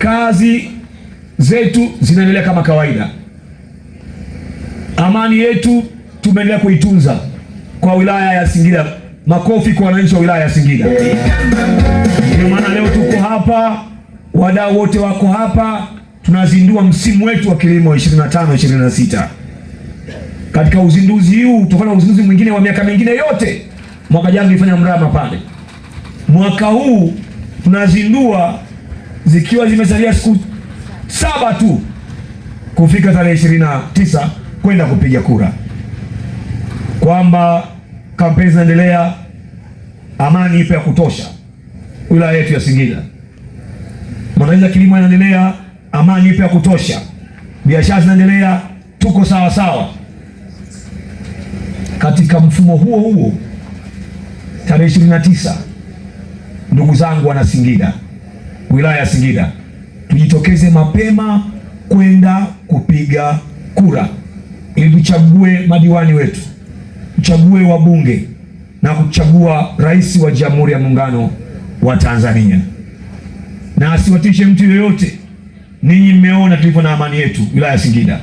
kazi zetu zinaendelea kama kawaida. Amani yetu tumeendelea kuitunza kwa wilaya ya Singida. Makofi kwa wananchi wa wilaya ya Singida. Ndio maana leo tuko hapa, wadau wote wako hapa, tunazindua msimu wetu wa kilimo 25 26. Katika uzinduzi huu tofauti na uzinduzi mwingine wa miaka mingine yote, mwaka jana tulifanya mrama pale, mwaka huu tunazindua zikiwa zimesalia siku saba tu kufika tarehe ishirini na tisa kwenda kupiga kura, kwamba kampeni zinaendelea, amani ipo ya kutosha wilaya yetu ya Singida, maandalizi ya kilimo yanaendelea, amani ipo ya kutosha, biashara zinaendelea, tuko sawa sawa. Katika mfumo huo huo, tarehe ishirini na tisa, ndugu zangu wana Singida wilaya ya Singida, tujitokeze mapema kwenda kupiga kura ili tuchague madiwani wetu, tuchague wabunge na kuchagua rais wa Jamhuri ya Muungano wa Tanzania. Na asiwatishe mtu yoyote. Ninyi mmeona tulivyo na amani yetu wilaya ya Singida,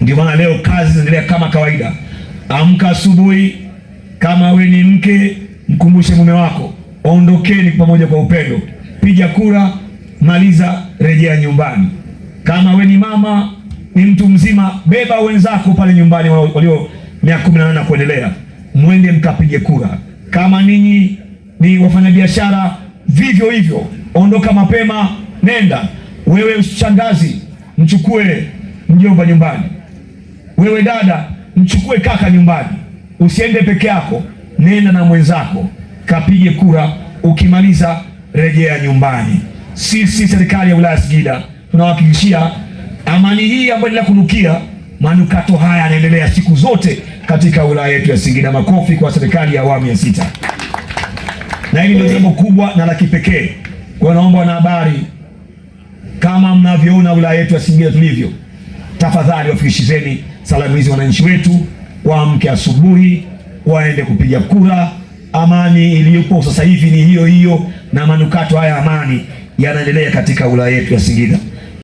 ndio maana leo kazi zinaendelea kama kawaida. Amka asubuhi, kama we ni mke mkumbushe mume wako, ondokeni pamoja kwa upendo piga kura, maliza, rejea nyumbani. Kama we ni mama, ni mtu mzima, beba wenzako pale nyumbani walio miaka kumi na nane na kuendelea, mwende mkapige kura. Kama ninyi ni wafanyabiashara, vivyo hivyo, ondoka mapema, nenda wewe. Shangazi, mchukue mjomba nyumbani. Wewe dada, mchukue kaka nyumbani. Usiende peke yako, nenda na mwenzako, kapige kura. Ukimaliza rejea nyumbani. Sisi serikali ya wilaya Singida tunawahakikishia amani hii ambayo endelea kunukia, manukato haya yanaendelea siku zote katika wilaya yetu ya Singida. Makofi kwa serikali ya awamu ya sita, na hili ndio jambo kubwa na la kipekee. Kwa naomba wanahabari, kama mnavyoona wilaya yetu ya Singida tulivyo, tafadhali wafikishizeni salamu hizi wananchi wetu, waamke asubuhi, waende kupiga kura. Amani iliyopo sasa hivi ni hiyo hiyo na manukato haya amani yanaendelea katika wilaya yetu ya Singida.